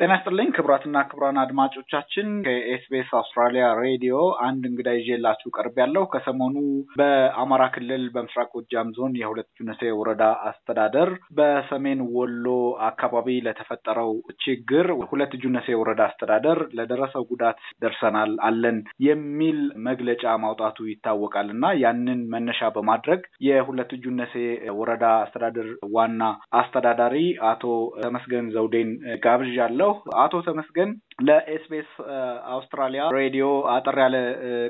ጤና ይስጥልኝ ክቡራትና ክቡራን አድማጮቻችን ከኤስቢኤስ አውስትራሊያ ሬዲዮ አንድ እንግዳ ይዤላችሁ ቀርብ ያለው ከሰሞኑ በአማራ ክልል በምስራቅ ጎጃም ዞን የሁለት ዩነሴ ወረዳ አስተዳደር በሰሜን ወሎ አካባቢ ለተፈጠረው ችግር ሁለት ጁነሴ ወረዳ አስተዳደር ለደረሰው ጉዳት ደርሰናል አለን የሚል መግለጫ ማውጣቱ ይታወቃል እና ያንን መነሻ በማድረግ የሁለት ጁነሴ ወረዳ አስተዳደር ዋና አስተዳዳሪ አቶ ተመስገን ዘውዴን ጋብዣለሁ። አመሰግናለሁ። አቶ ተመስገን ለኤስቢኤስ አውስትራሊያ ሬዲዮ አጠር ያለ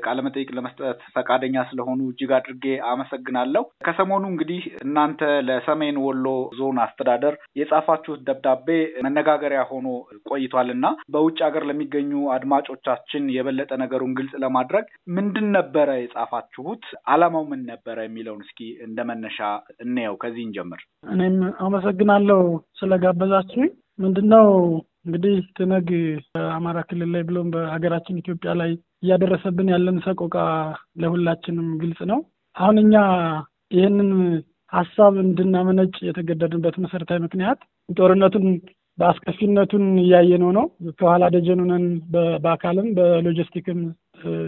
ቃለመጠይቅ ለመስጠት ፈቃደኛ ስለሆኑ እጅግ አድርጌ አመሰግናለሁ። ከሰሞኑ እንግዲህ እናንተ ለሰሜን ወሎ ዞን አስተዳደር የጻፋችሁት ደብዳቤ መነጋገሪያ ሆኖ ቆይቷል እና በውጭ ሀገር ለሚገኙ አድማጮቻችን የበለጠ ነገሩን ግልጽ ለማድረግ ምንድን ነበረ የጻፋችሁት? አላማው ምን ነበረ የሚለውን እስኪ እንደ መነሻ እንየው። ከዚህ እንጀምር። እኔም አመሰግናለሁ ስለጋበዛችሁኝ። ምንድነው እንግዲህ ትነግ በአማራ ክልል ላይ ብሎም በሀገራችን ኢትዮጵያ ላይ እያደረሰብን ያለን ሰቆቃ ለሁላችንም ግልጽ ነው። አሁን እኛ ይህንን ሀሳብ እንድናመነጭ የተገደድንበት መሰረታዊ ምክንያት ጦርነቱን በአስከፊነቱን እያየነው ነው። ከኋላ ደጀኑነን በአካልም በሎጂስቲክም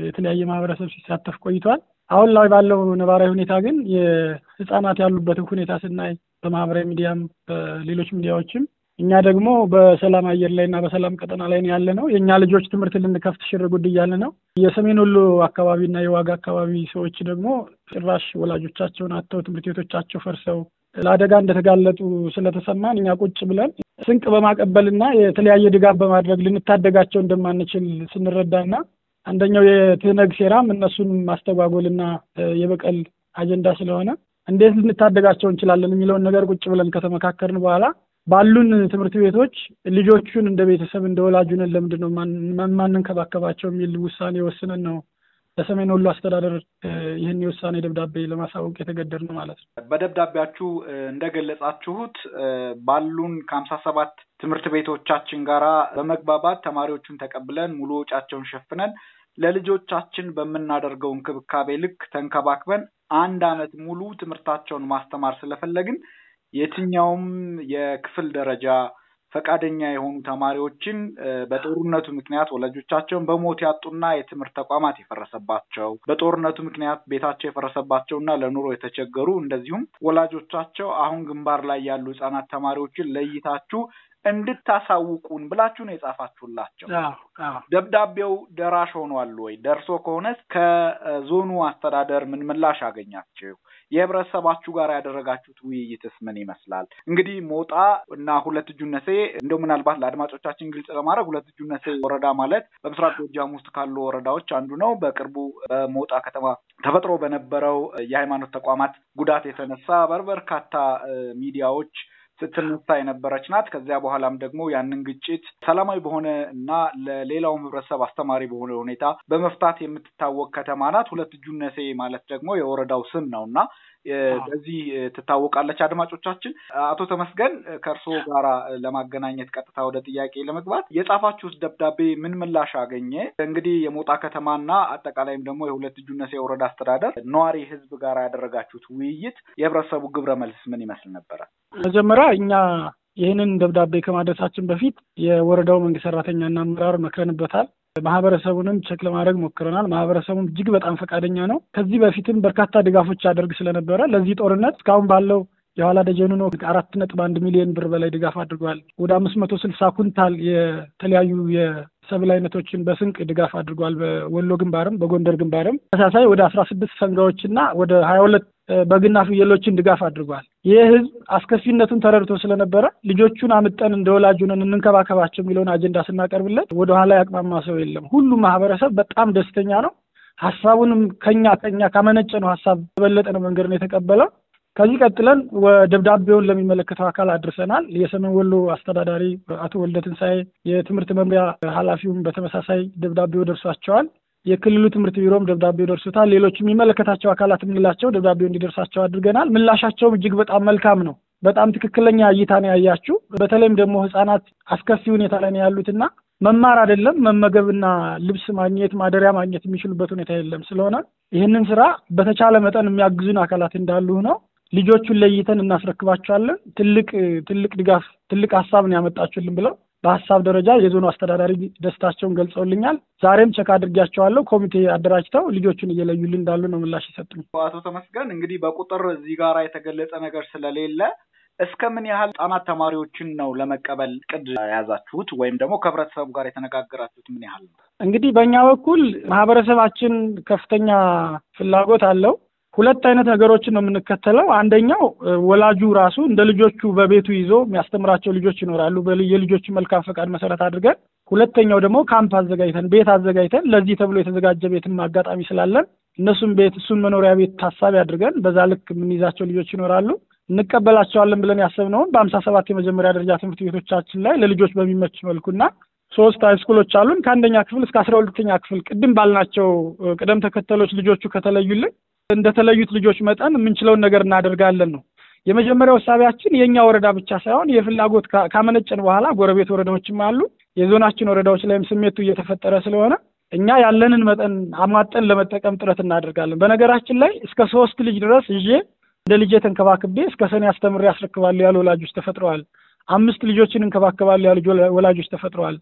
የተለያየ ማህበረሰብ ሲሳተፍ ቆይቷል። አሁን ላይ ባለው ነባራዊ ሁኔታ ግን የህጻናት ያሉበትን ሁኔታ ስናይ በማህበራዊ ሚዲያም በሌሎች ሚዲያዎችም እኛ ደግሞ በሰላም አየር ላይ እና በሰላም ቀጠና ላይ ያለ ነው። የእኛ ልጆች ትምህርት ልንከፍት ሽር ጉድ እያለ ነው። የሰሜን ወሎ አካባቢና የዋጋ አካባቢ ሰዎች ደግሞ ጭራሽ ወላጆቻቸውን አጥተው ትምህርት ቤቶቻቸው ፈርሰው ለአደጋ እንደተጋለጡ ስለተሰማን እኛ ቁጭ ብለን ስንቅ በማቀበልና የተለያየ ድጋፍ በማድረግ ልንታደጋቸው እንደማንችል ስንረዳና አንደኛው የትህነግ ሴራም እነሱን ማስተጓጎልና የበቀል አጀንዳ ስለሆነ እንዴት ልንታደጋቸው እንችላለን የሚለውን ነገር ቁጭ ብለን ከተመካከርን በኋላ ባሉን ትምህርት ቤቶች ልጆቹን እንደ ቤተሰብ እንደ ወላጁነን ለምንድን ነው ማንንከባከባቸው የሚል ውሳኔ ወስነን ነው ለሰሜን ወሎ አስተዳደር ይህን የውሳኔ ደብዳቤ ለማሳወቅ የተገደድ ነው ማለት ነው። በደብዳቤያችሁ እንደገለጻችሁት ባሉን ከሀምሳ ሰባት ትምህርት ቤቶቻችን ጋራ በመግባባት ተማሪዎቹን ተቀብለን ሙሉ ወጫቸውን ሸፍነን ለልጆቻችን በምናደርገው እንክብካቤ ልክ ተንከባክበን አንድ ዓመት ሙሉ ትምህርታቸውን ማስተማር ስለፈለግን የትኛውም የክፍል ደረጃ ፈቃደኛ የሆኑ ተማሪዎችን በጦርነቱ ምክንያት ወላጆቻቸውን በሞት ያጡና የትምህርት ተቋማት የፈረሰባቸው በጦርነቱ ምክንያት ቤታቸው የፈረሰባቸውና ለኑሮ የተቸገሩ እንደዚሁም ወላጆቻቸው አሁን ግንባር ላይ ያሉ ህጻናት ተማሪዎችን ለይታችሁ እንድታሳውቁን ብላችሁ ነው የጻፋችሁላቸው። ደብዳቤው ደራሽ ሆኗል ወይ? ደርሶ ከሆነስ ከዞኑ አስተዳደር ምን ምላሽ አገኛችሁ? የህብረተሰባችሁ ጋር ያደረጋችሁት ውይይትስ ምን ይመስላል? እንግዲህ ሞጣ እና ሁለት እጁነሴ እንደው ምናልባት ለአድማጮቻችን ግልጽ ለማድረግ ሁለት እጁነሴ ወረዳ ማለት በምስራቅ ጎጃም ውስጥ ካሉ ወረዳዎች አንዱ ነው። በቅርቡ በሞጣ ከተማ ተፈጥሮ በነበረው የሃይማኖት ተቋማት ጉዳት የተነሳ በርበርካታ ሚዲያዎች ስትነሳ የነበረች ናት። ከዚያ በኋላም ደግሞ ያንን ግጭት ሰላማዊ በሆነ እና ለሌላውም ህብረተሰብ አስተማሪ በሆነ ሁኔታ በመፍታት የምትታወቅ ከተማ ናት። ሁለት እጁነሴ ማለት ደግሞ የወረዳው ስም ነው እና በዚህ ትታወቃለች። አድማጮቻችን፣ አቶ ተመስገን ከእርስዎ ጋራ ለማገናኘት ቀጥታ ወደ ጥያቄ ለመግባት የጻፋችሁት ደብዳቤ ምን ምላሽ አገኘ? እንግዲህ የሞጣ ከተማና አጠቃላይም ደግሞ የሁለት እጁነሴ የወረዳ አስተዳደር ነዋሪ ህዝብ ጋር ያደረጋችሁት ውይይት የህብረተሰቡ ግብረ መልስ ምን ይመስል ነበረ? መጀመሪያ እኛ ይህንን ደብዳቤ ከማድረሳችን በፊት የወረዳው መንግስት ሰራተኛና አመራር መክረንበታል። ማህበረሰቡንም ቸክ ለማድረግ ሞክረናል። ማህበረሰቡም እጅግ በጣም ፈቃደኛ ነው። ከዚህ በፊትም በርካታ ድጋፎች ያደርግ ስለነበረ ለዚህ ጦርነት እስካሁን ባለው የኋላ ደጀኑ አራት ነጥብ አንድ ሚሊዮን ብር በላይ ድጋፍ አድርጓል። ወደ አምስት መቶ ስልሳ ኩንታል የተለያዩ የሰብል አይነቶችን በስንቅ ድጋፍ አድርጓል። በወሎ ግንባርም በጎንደር ግንባርም ተመሳሳይ ወደ አስራ ስድስት ሰንጋዎችና ወደ ሀያ ሁለት በግና ፍየሎችን ድጋፍ አድርጓል። ይህ ህዝብ አስከፊነቱን ተረድቶ ስለነበረ ልጆቹን አምጠን እንደ ወላጁንን እንንከባከባቸው የሚለውን አጀንዳ ስናቀርብለት ወደኋላ ያቅማማ ሰው የለም። ሁሉም ማህበረሰብ በጣም ደስተኛ ነው። ሀሳቡንም ከኛ ከኛ ካመነጨ ነው ሀሳብ በበለጠ ነው መንገድ ነው የተቀበለው። ከዚህ ቀጥለን ደብዳቤውን ለሚመለከተው አካል አድርሰናል። የሰሜን ወሎ አስተዳዳሪ አቶ ወልደ ትንሣኤ፣ የትምህርት መምሪያ ኃላፊውም በተመሳሳይ ደብዳቤው ደርሷቸዋል። የክልሉ ትምህርት ቢሮም ደብዳቤው ደርሶታል። ሌሎች የሚመለከታቸው አካላት የምንላቸው ደብዳቤው እንዲደርሳቸው አድርገናል። ምላሻቸውም እጅግ በጣም መልካም ነው። በጣም ትክክለኛ እይታ ነው ያያችሁ። በተለይም ደግሞ ህጻናት አስከፊ ሁኔታ ላይ ነው ያሉትና መማር አይደለም መመገብና ልብስ ማግኘት ማደሪያ ማግኘት የሚችሉበት ሁኔታ የለም። ስለሆነ ይህንን ስራ በተቻለ መጠን የሚያግዙን አካላት እንዳሉ ነው። ልጆቹን ለይተን እናስረክባቸዋለን። ትልቅ ትልቅ ድጋፍ ትልቅ ሀሳብ ነው ያመጣችሁልን ብለው በሀሳብ ደረጃ የዞኑ አስተዳዳሪ ደስታቸውን ገልጸውልኛል። ዛሬም ቸክ አድርጊያቸዋለሁ። ኮሚቴ አደራጅተው ልጆቹን እየለዩልን እንዳሉ ነው ምላሽ ይሰጡኝ። አቶ ተመስገን እንግዲህ በቁጥር እዚህ ጋር የተገለጸ ነገር ስለሌለ እስከ ምን ያህል ህጻናት ተማሪዎችን ነው ለመቀበል ቅድ የያዛችሁት ወይም ደግሞ ከህብረተሰቡ ጋር የተነጋገራችሁት ምን ያህል ነው? እንግዲህ በእኛ በኩል ማህበረሰባችን ከፍተኛ ፍላጎት አለው። ሁለት አይነት ነገሮችን ነው የምንከተለው። አንደኛው ወላጁ ራሱ እንደ ልጆቹ በቤቱ ይዞ የሚያስተምራቸው ልጆች ይኖራሉ፣ የልጆቹ መልካም ፈቃድ መሰረት አድርገን። ሁለተኛው ደግሞ ካምፕ አዘጋጅተን ቤት አዘጋጅተን ለዚህ ተብሎ የተዘጋጀ ቤትም አጋጣሚ ስላለን እነሱም ቤት እሱን መኖሪያ ቤት ታሳቢ አድርገን በዛ ልክ የምንይዛቸው ልጆች ይኖራሉ። እንቀበላቸዋለን ብለን ያሰብነውን በአምሳ ሰባት የመጀመሪያ ደረጃ ትምህርት ቤቶቻችን ላይ ለልጆች በሚመች መልኩና ሶስት ሃይስኩሎች አሉን ከአንደኛ ክፍል እስከ አስራ ሁለተኛ ክፍል ቅድም ባልናቸው ቅደም ተከተሎች ልጆቹ ከተለዩልን እንደተለዩት ልጆች መጠን የምንችለውን ነገር እናደርጋለን ነው። የመጀመሪያው ሳቢያችን የእኛ ወረዳ ብቻ ሳይሆን የፍላጎት ካመነጨን በኋላ ጎረቤት ወረዳዎችም አሉ። የዞናችን ወረዳዎች ላይም ስሜቱ እየተፈጠረ ስለሆነ እኛ ያለንን መጠን አሟጠን ለመጠቀም ጥረት እናደርጋለን። በነገራችን ላይ እስከ ሶስት ልጅ ድረስ ይዤ እንደ ልጄ ተንከባክቤ እስከ ሰኔ አስተምሬ ያስረክባሉ ያሉ ወላጆች ተፈጥረዋል። አምስት ልጆችን እንከባከባሉ ያሉ ወላጆች ተፈጥረዋል።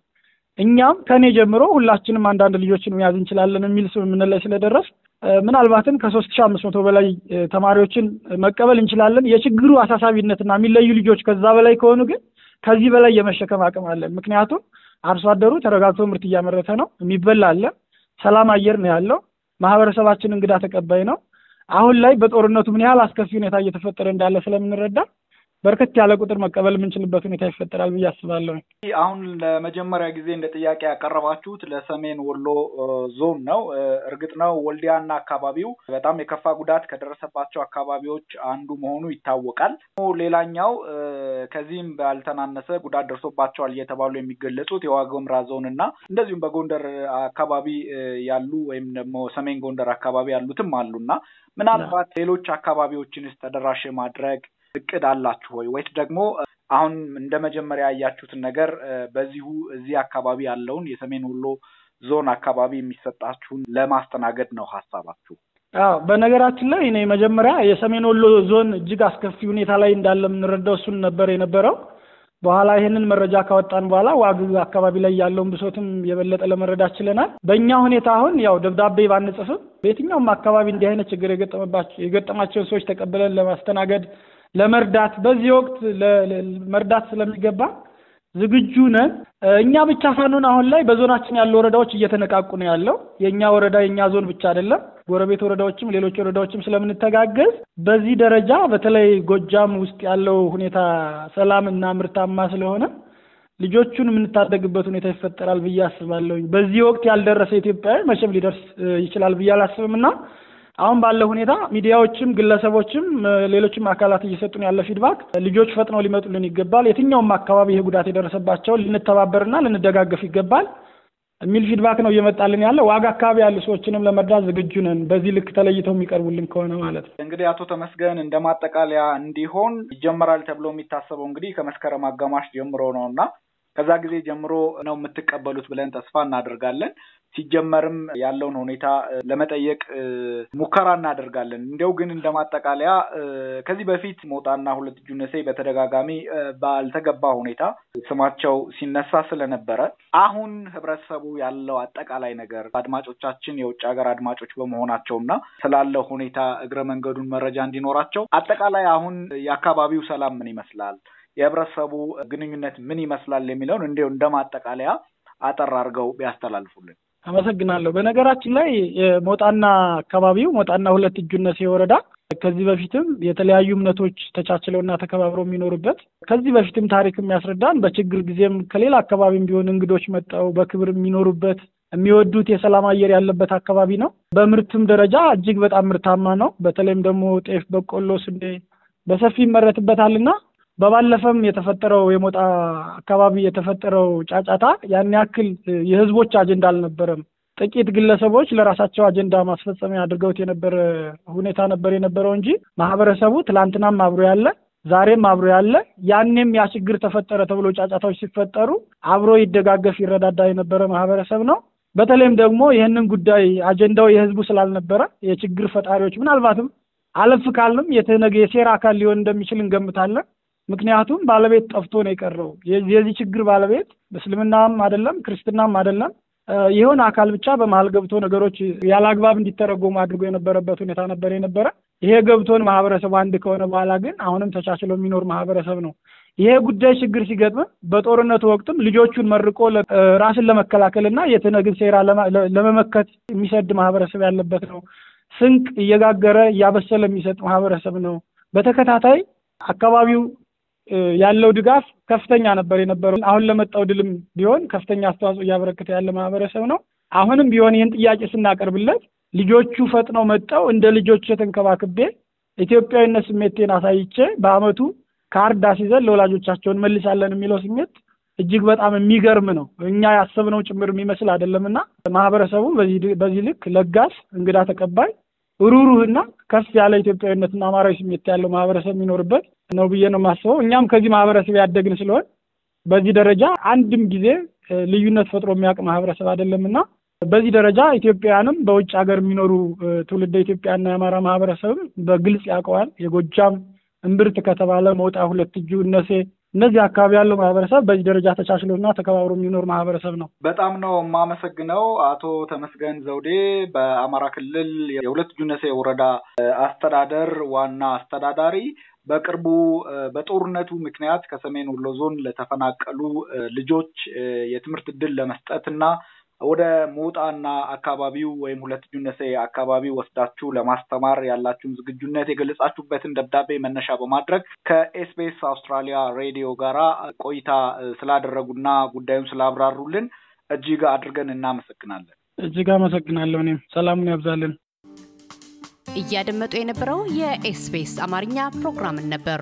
እኛም ከኔ ጀምሮ ሁላችንም አንዳንድ ልጆችን መያዝ እንችላለን የሚል ስምምነት ላይ ስለደረስ ምናልባትም ከሶስት ሺህ አምስት መቶ በላይ ተማሪዎችን መቀበል እንችላለን። የችግሩ አሳሳቢነትና የሚለዩ ልጆች ከዛ በላይ ከሆኑ ግን ከዚህ በላይ የመሸከም አቅም አለን። ምክንያቱም አርሶ አደሩ ተረጋግቶ ምርት እያመረተ ነው። የሚበላ አለ። ሰላም አየር ነው ያለው። ማህበረሰባችን እንግዳ ተቀባይ ነው። አሁን ላይ በጦርነቱ ምን ያህል አስከፊ ሁኔታ እየተፈጠረ እንዳለ ስለምንረዳ በርከት ያለ ቁጥር መቀበል የምንችልበት ሁኔታ ይፈጠራል ብዬ አስባለሁ። አሁን ለመጀመሪያ ጊዜ እንደ ጥያቄ ያቀረባችሁት ለሰሜን ወሎ ዞን ነው። እርግጥ ነው ወልዲያና አካባቢው በጣም የከፋ ጉዳት ከደረሰባቸው አካባቢዎች አንዱ መሆኑ ይታወቃል። ሌላኛው ከዚህም ባልተናነሰ ጉዳት ደርሶባቸዋል እየተባሉ የሚገለጹት የዋግ ኽምራ ዞን እና እንደዚሁም በጎንደር አካባቢ ያሉ ወይም ደግሞ ሰሜን ጎንደር አካባቢ ያሉትም አሉ እና ምናልባት ሌሎች አካባቢዎችንስ ተደራሽ ማድረግ እቅድ አላችሁ ወይ ወይስ ደግሞ አሁን እንደ መጀመሪያ ያያችሁትን ነገር በዚሁ እዚህ አካባቢ ያለውን የሰሜን ወሎ ዞን አካባቢ የሚሰጣችሁን ለማስተናገድ ነው ሀሳባችሁ? አዎ በነገራችን ላይ እኔ መጀመሪያ የሰሜን ወሎ ዞን እጅግ አስከፊ ሁኔታ ላይ እንዳለ የምንረዳው እሱን ነበር የነበረው። በኋላ ይህንን መረጃ ካወጣን በኋላ ዋግ አካባቢ ላይ ያለውን ብሶትም የበለጠ ለመረዳት ችለናል። በእኛ ሁኔታ አሁን ያው ደብዳቤ ባንጽፍም በየትኛውም አካባቢ እንዲህ አይነት ችግር የገጠማቸውን ሰዎች ተቀብለን ለማስተናገድ ለመርዳት በዚህ ወቅት መርዳት ስለሚገባ ዝግጁ ነን። እኛ ብቻ ሳንሆን አሁን ላይ በዞናችን ያሉ ወረዳዎች እየተነቃቁ ነው ያለው። የእኛ ወረዳ የእኛ ዞን ብቻ አይደለም፣ ጎረቤት ወረዳዎችም ሌሎች ወረዳዎችም ስለምንተጋገዝ በዚህ ደረጃ በተለይ ጎጃም ውስጥ ያለው ሁኔታ ሰላም እና ምርታማ ስለሆነ ልጆቹን የምንታደግበት ሁኔታ ይፈጠራል ብዬ አስባለሁኝ። በዚህ ወቅት ያልደረሰ ኢትዮጵያዊ መቼም ሊደርስ ይችላል ብዬ አላስብም እና አሁን ባለው ሁኔታ ሚዲያዎችም ግለሰቦችም ሌሎችም አካላት እየሰጡን ያለ ፊድባክ ልጆች ፈጥነው ሊመጡልን ይገባል፣ የትኛውም አካባቢ ይሄ ጉዳት የደረሰባቸውን ልንተባበርና ልንደጋገፍ ይገባል የሚል ፊድባክ ነው እየመጣልን ያለ። ዋጋ አካባቢ ያሉ ሰዎችንም ለመርዳት ዝግጁ ነን፣ በዚህ ልክ ተለይተው የሚቀርቡልን ከሆነ ማለት ነው። እንግዲህ አቶ ተመስገን እንደ ማጠቃለያ እንዲሆን ይጀመራል ተብሎ የሚታሰበው እንግዲህ ከመስከረም አጋማሽ ጀምሮ ነው እና ከዛ ጊዜ ጀምሮ ነው የምትቀበሉት ብለን ተስፋ እናደርጋለን። ሲጀመርም ያለውን ሁኔታ ለመጠየቅ ሙከራ እናደርጋለን። እንዲያው ግን እንደማጠቃለያ ከዚህ በፊት ሞጣና ሁለት እጁ በተደጋጋሚ ባልተገባ ሁኔታ ስማቸው ሲነሳ ስለነበረ አሁን ህብረተሰቡ ያለው አጠቃላይ ነገር አድማጮቻችን የውጭ ሀገር አድማጮች በመሆናቸው እና ስላለው ሁኔታ እግረ መንገዱን መረጃ እንዲኖራቸው አጠቃላይ አሁን የአካባቢው ሰላም ምን ይመስላል፣ የህብረተሰቡ ግንኙነት ምን ይመስላል የሚለውን እንዲሁ እንደማጠቃለያ አጠር አድርገው ቢያስተላልፉልን። አመሰግናለሁ። በነገራችን ላይ ሞጣና አካባቢው ሞጣና ሁለት እጁነት የወረዳ ከዚህ በፊትም የተለያዩ እምነቶች ተቻችለውና ተከባብረው የሚኖሩበት ከዚህ በፊትም ታሪክ የሚያስረዳን በችግር ጊዜም ከሌላ አካባቢም ቢሆን እንግዶች መጠው በክብር የሚኖሩበት የሚወዱት የሰላም አየር ያለበት አካባቢ ነው። በምርትም ደረጃ እጅግ በጣም ምርታማ ነው። በተለይም ደግሞ ጤፍ፣ በቆሎ፣ ስንዴ በሰፊ ይመረትበታልና በባለፈም የተፈጠረው የሞጣ አካባቢ የተፈጠረው ጫጫታ ያን ያክል የህዝቦች አጀንዳ አልነበረም። ጥቂት ግለሰቦች ለራሳቸው አጀንዳ ማስፈጸሚያ አድርገውት የነበረ ሁኔታ ነበር የነበረው እንጂ ማህበረሰቡ ትላንትናም አብሮ ያለ ዛሬም አብሮ ያለ ያኔም ያ ችግር ተፈጠረ ተብሎ ጫጫታዎች ሲፈጠሩ አብሮ ይደጋገፍ ይረዳዳ የነበረ ማህበረሰብ ነው። በተለይም ደግሞ ይህንን ጉዳይ አጀንዳው የህዝቡ ስላልነበረ የችግር ፈጣሪዎች ምናልባትም አለፍ ካልም የተነገ የሴራ አካል ሊሆን እንደሚችል እንገምታለን። ምክንያቱም ባለቤት ጠፍቶ ነው የቀረው። የዚህ ችግር ባለቤት እስልምናም አይደለም ክርስትናም አይደለም የሆነ አካል ብቻ በመሀል ገብቶ ነገሮች ያለ አግባብ እንዲተረጎሙ አድርጎ የነበረበት ሁኔታ ነበር የነበረ። ይሄ ገብቶን ማህበረሰቡ አንድ ከሆነ በኋላ ግን አሁንም ተቻችሎ የሚኖር ማህበረሰብ ነው። ይሄ ጉዳይ ችግር ሲገጥም በጦርነቱ ወቅትም ልጆቹን መርቆ ራስን ለመከላከል እና የትነግን ሴራ ለመመከት የሚሰድ ማህበረሰብ ያለበት ነው። ስንቅ እየጋገረ እያበሰለ የሚሰጥ ማህበረሰብ ነው። በተከታታይ አካባቢው ያለው ድጋፍ ከፍተኛ ነበር የነበረው። አሁን ለመጣው ድልም ቢሆን ከፍተኛ አስተዋጽኦ እያበረከተ ያለ ማህበረሰብ ነው። አሁንም ቢሆን ይህን ጥያቄ ስናቀርብለት ልጆቹ ፈጥነው መጠው እንደ ልጆች ተንከባክቤ ኢትዮጵያዊነት ስሜቴን አሳይቼ በአመቱ ካርድ አስይዘን ለወላጆቻቸውን መልሳለን የሚለው ስሜት እጅግ በጣም የሚገርም ነው። እኛ ያሰብነው ጭምር የሚመስል አይደለምና ማህበረሰቡ በዚህ ልክ ለጋስ፣ እንግዳ ተቀባይ ሩሩህና ከፍ ያለ ኢትዮጵያዊነትና አማራዊ ስሜት ያለው ማህበረሰብ የሚኖርበት ነው ብዬ ነው የማስበው። እኛም ከዚህ ማህበረሰብ ያደግን ስለሆን በዚህ ደረጃ አንድም ጊዜ ልዩነት ፈጥሮ የሚያውቅ ማህበረሰብ አይደለም እና በዚህ ደረጃ ኢትዮጵያውያንም በውጭ ሀገር የሚኖሩ ትውልደ ኢትዮጵያና የአማራ ማህበረሰብም በግልጽ ያውቀዋል። የጎጃም እምብርት ከተባለ መውጣ ሁለት እጁ እነሴ እነዚህ አካባቢ ያለው ማህበረሰብ በዚህ ደረጃ እና ተከባብሮ የሚኖር ማህበረሰብ ነው። በጣም ነው የማመሰግነው አቶ ተመስገን ዘውዴ በአማራ ክልል የሁለት ጁነሴ ወረዳ አስተዳደር ዋና አስተዳዳሪ በቅርቡ በጦርነቱ ምክንያት ከሰሜን ወሎ ዞን ለተፈናቀሉ ልጆች የትምህርት እድል ለመስጠት እና ወደ ሞጣና አካባቢው ወይም ሁለት ጁነሴ አካባቢ ወስዳችሁ ለማስተማር ያላችሁን ዝግጁነት የገለጻችሁበትን ደብዳቤ መነሻ በማድረግ ከኤስቢኤስ አውስትራሊያ ሬዲዮ ጋራ ቆይታ ስላደረጉና ጉዳዩን ስላብራሩልን እጅግ አድርገን እናመሰግናለን። እጅግ አመሰግናለሁ። እኔም ሰላሙን ያብዛልን። እያደመጡ የነበረው የኤስቢኤስ አማርኛ ፕሮግራምን ነበር።